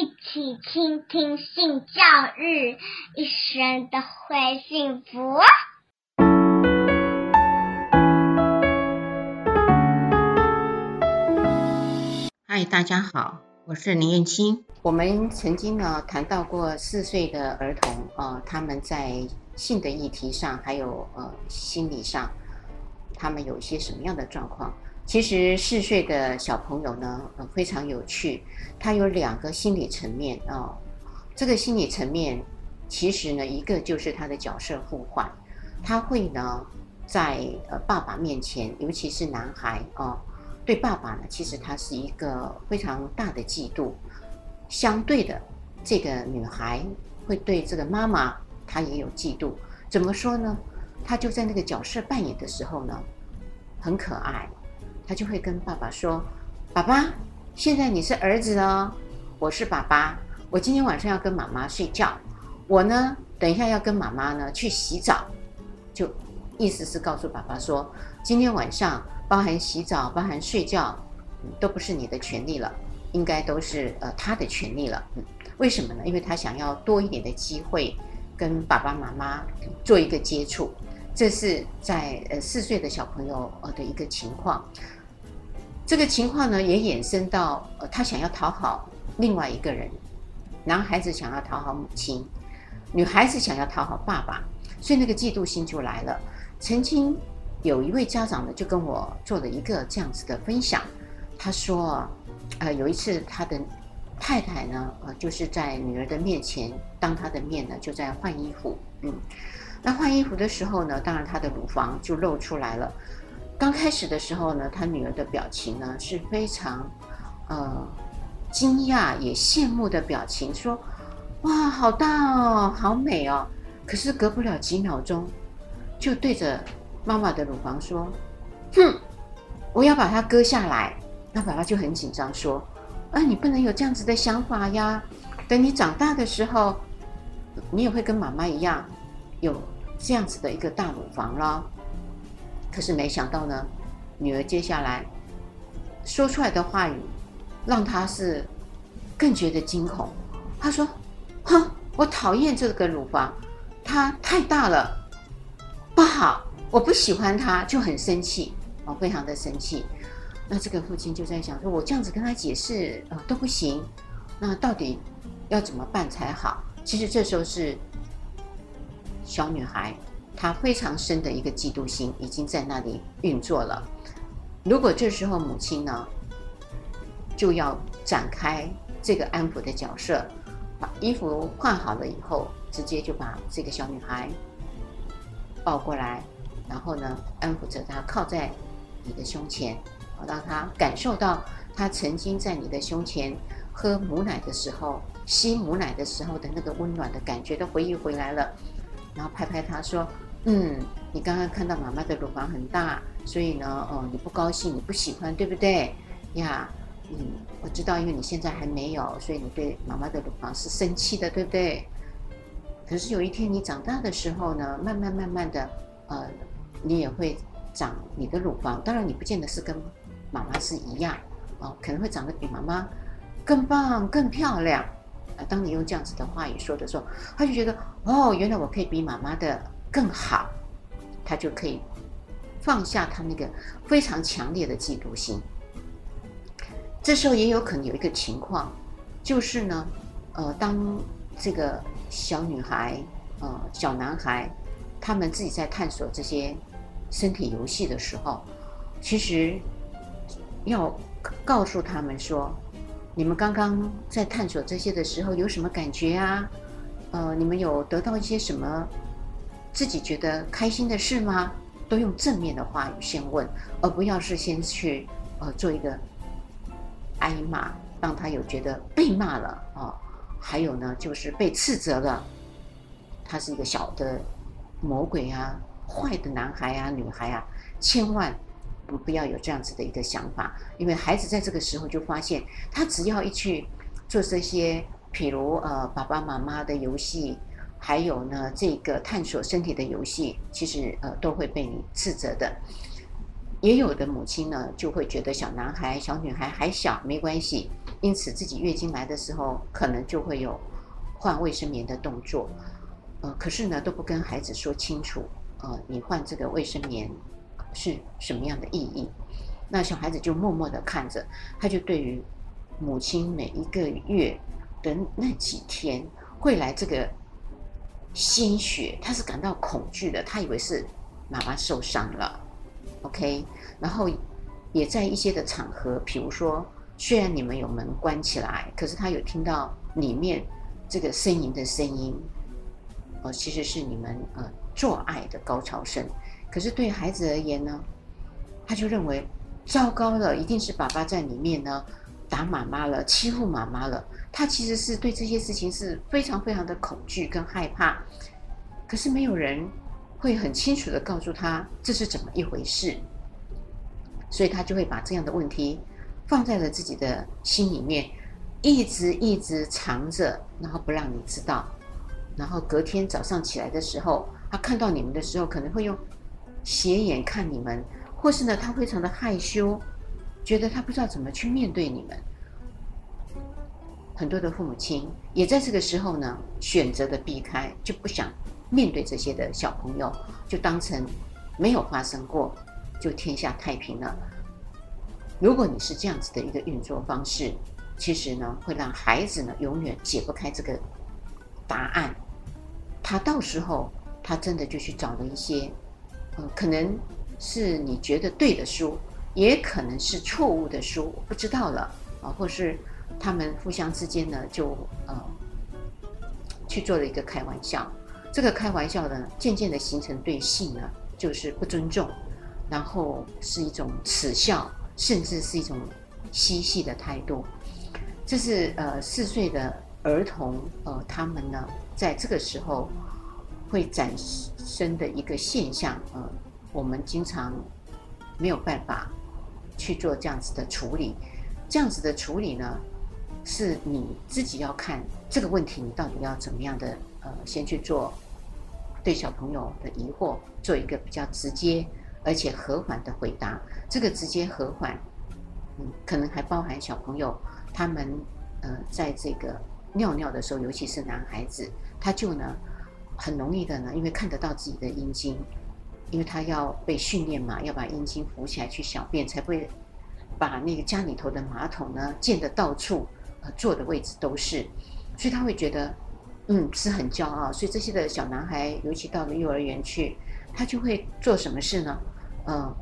一起傾聽性教育，一生都會幸福。嗨，大家好，我是林燕青。我們曾經呢談到過四歲的兒童，啊、呃，他們在性的議題上，還有呃心理上，他們有些什麼樣的狀況？其實四歲的小朋友呢，非常有趣。他有兩個心理層面啊、哦。這個心理層面，其實呢，一個就是他的角色互換。他會呢，在呃爸爸面前，尤其是男孩啊、哦，對爸爸呢，其實他是一個非常大的嫉妒。相對的，這個女孩會對這個媽媽，她也有嫉妒。怎麼說呢？他就在那個角色扮演的時候呢，很可愛。他就會跟爸爸說：“爸爸，現在你是兒子哦。我是爸爸。我今天晚上要跟媽媽睡覺，我呢，等一下要跟媽媽呢去洗澡。”就意思是告訴爸爸說，今天晚上，包含洗澡，包含睡覺，嗯，都不是你的權利了，應該都是呃他的權利了，嗯。為什麼呢？因為他想要多一點的機會跟爸爸媽媽做一個接觸。這是在呃四歲的小朋友呃的一個情況。這個情況呢，也衍生到呃，他想要討好另外一個人，男孩子想要討好母親，女孩子想要討好爸爸，所以那個嫉妒心就來了。曾經有一位家長呢，就跟我做了一個這樣子的分享，他說，呃，有一次他的太太呢，呃，就是在女兒的面前，當他的面呢，就在換衣服，嗯，那換衣服的時候呢，當然他的乳房就露出來了。剛開始的時候呢，他女兒的表情呢是非常呃驚訝也羨慕的表情，說：“哇，好大哦，好美哦。”可是隔不了幾秒鐘，就對着媽媽的乳房說：“哼，我要把它割下來。”那爸爸就很緊張說：“啊，你不能有這樣子的想法呀！等你長大的時候，你也會跟媽媽一樣有這樣子的一個大乳房咯。”可是沒想到呢，女兒接下來說出來的話語，讓她是更覺得驚恐。她說：“哼，我討厭這個乳房，它太大了，不好，我不喜歡它，就很生氣，啊、哦，非常的生氣。”那這個父親就在想說：說我這樣子跟她解釋、呃，都不行。那到底要怎麼辦才好？其實這時候是小女孩。她非常深的一個嫉妒心，已經在那裡運作了。如果這時候母親呢，就要展開這個安撫的角色，把衣服換好了以後，直接就把這個小女孩抱過來，然後呢，安撫着她，靠在你的胸前，啊，讓她感受到她曾經在你的胸前喝母奶的時候、吸母奶的時候的那個溫暖的感覺都回憶回來了，然後拍拍她說。嗯，你剛剛看到媽媽的乳房很大，所以呢，哦，你不高興，你不喜歡，對不對？呀，嗯，我知道，因為你現在還沒有，所以你對媽媽的乳房是生氣的，對不對？可是有一天你長大的時候呢，慢慢慢慢的，呃，你也會長你的乳房，當然你不見得是跟媽媽是一樣，哦，可能會長得比媽媽更棒、更漂亮。啊，當你用這樣子的話語說的時候，他就覺得，哦，原來我可以比媽媽的，更好，他就可以放下他那個非常強烈的嫉妒心。這時候也有可能有一個情況，就是呢，呃，當這個小女孩、呃，小男孩他們自己在探索這些身體遊戲的時候，其實要告訴他們說，你們剛剛在探索這些的時候有什麼感覺啊？呃，你們有得到一些什麼？自己覺得開心的事嗎？都用正面的話語先問，而不要是先去呃做一個挨罵，讓他有覺得被罵了啊、哦。還有呢，就是被斥責了，他是一個小的魔鬼啊，壞的男孩啊、女孩啊，千萬不不要有這樣子的一個想法，因為孩子在這個時候就發現，他只要一去做這些，譬如呃爸爸媽媽的遊戲。還有呢，這個探索身體的遊戲，其實呃都會被你斥責的。也有的母親呢，就會覺得小男孩、小女孩還小，沒關係，因此自己月經來的時候，可能就會有換衛生棉的動作。呃，可是呢，都不跟孩子說清楚，呃，你換這個衛生棉是什麼樣的意義？那小孩子就默默地看着，他就對於母親每一個月的那幾天會來這個。鮮血，他是感到恐懼的，他以為是媽媽受傷了，OK，然後也在一些的場合，比如說雖然你們有門關起來，可是他有聽到裡面這個呻吟的聲音，呃、哦，其實是你們呃做愛的高潮聲，可是對孩子而言呢，他就認為糟糕了，一定是爸爸在裡面呢。打媽媽了，欺負媽媽了，他其實是對這些事情是非常非常的恐懼跟害怕，可是沒有人會很清楚的告訴他這是怎麼一回事，所以他就會把這樣的問題放在了自己的心裡面，一直一直藏着，然後不讓你知道，然後隔天早上起來的時候，他看到你們的時候，可能會用斜眼看你們，或是呢，他非常的害羞。覺得他不知道怎麼去面對你們，很多的父母親也在這個時候呢，選擇的避開，就不想面對這些的小朋友，就當成沒有發生過，就天下太平了。如果你是這樣子的一個運作方式，其實呢，會讓孩子呢永遠解不開這個答案。他到時候他真的就去找了一些，嗯，可能是你覺得對的書。也可能是錯誤的書，我不知道了啊，或是他們互相之間呢，就呃去做了一個開玩笑，這個開玩笑呢，漸漸的形成對性呢就是不尊重，然後是一種恥笑，甚至是一種嬉戲的態度，這是呃四歲的兒童呃他們呢在這個時候會產生的一個現象，呃我們經常。沒有辦法去做這樣子的處理，這樣子的處理呢，是你自己要看這個問題，你到底要怎麼樣的呃，先去做對小朋友的疑惑做一個比較直接而且和緩的回答。這個直接和緩，嗯，可能還包含小朋友他們呃，在這個尿尿的時候，尤其是男孩子，他就呢很容易的呢，因為看得到自己的陰莖。因為他要被訓練嘛，要把陰莖扶起來去小便，才不會把那個家裡頭的馬桶呢濺得到處，呃，坐的位置都是，所以他會覺得，嗯，是很驕傲。所以這些的小男孩，尤其到了幼兒園去，他就會做什麼事呢？嗯，呃，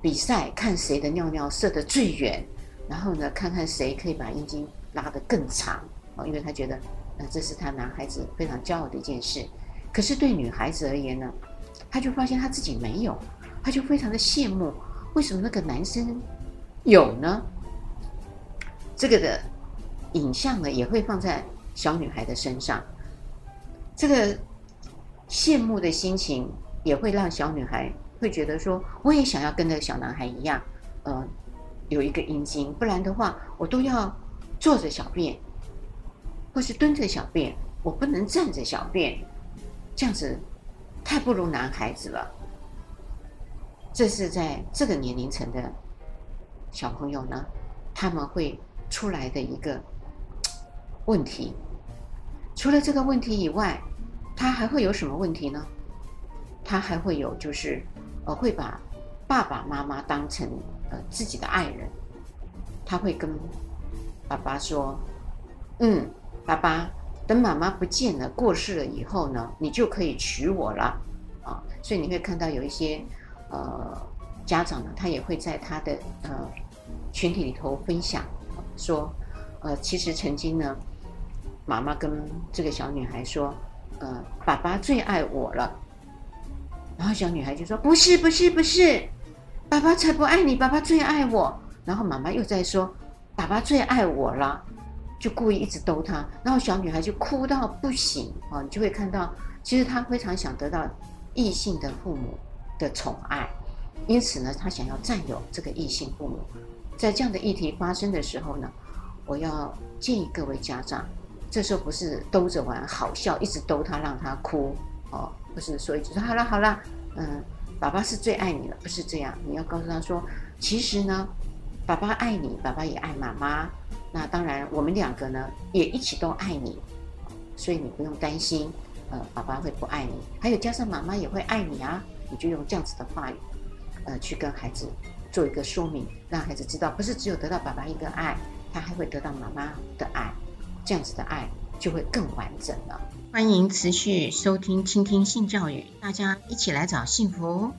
比賽看誰的尿尿射得最遠，然後呢，看看誰可以把陰莖拉得更長，呃，因為他覺得，呃，這是他男孩子非常驕傲的一件事。可是對女孩子而言呢？他就發現他自己沒有，他就非常的羨慕，為什麼那個男生有呢？這個的影像呢，也會放在小女孩的身上，這個羨慕的心情也會讓小女孩會覺得說，我也想要跟那個小男孩一樣，嗯、呃，有一個陰莖，不然的話，我都要坐着小便，或是蹲着小便，我不能站着小便，這樣子。太不如男孩子了，這是在這個年齡層的小朋友呢，他們會出來的一個問題。除了這個問題以外，他還會有什麼問題呢？他還會有就是，呃，會把爸爸媽媽當成呃自己的愛人，他會跟爸爸說：“嗯，爸爸。”等媽媽不見了、過世了以後呢，你就可以娶我了，啊！所以你會看到有一些，呃，家長呢，他也會在他的呃群體裡頭分享，說，呃，其實曾經呢，媽媽跟這個小女孩說，呃，爸爸最愛我了，然後小女孩就說，不是不是不是，爸爸才不愛你，爸爸最愛我。然後媽媽又在說，爸爸最愛我了。就故意一直逗他，然後小女孩就哭到不行啊！你就會看到，其實她非常想得到異性的父母的寵愛，因此呢，她想要占有這個異性父母。在這樣的議題發生的時候呢，我要建議各位家長，這時候不是逗着玩好笑，一直逗他讓他哭哦，不是，所以就說好了好了，嗯，爸爸是最愛你的，不是這樣，你要告訴他說，其實呢，爸爸愛你，爸爸也愛媽媽。那當然，我們兩個呢也一起都愛你，所以你不用擔心，呃，爸爸會不愛你，還有加上媽媽也會愛你啊。你就用這樣子的話語，呃，去跟孩子做一個說明，讓孩子知道，不是只有得到爸爸一個愛，他還會得到媽媽的愛，這樣子的愛就會更完整了。歡迎持續收聽《傾聽性教育》，大家一起來找幸福。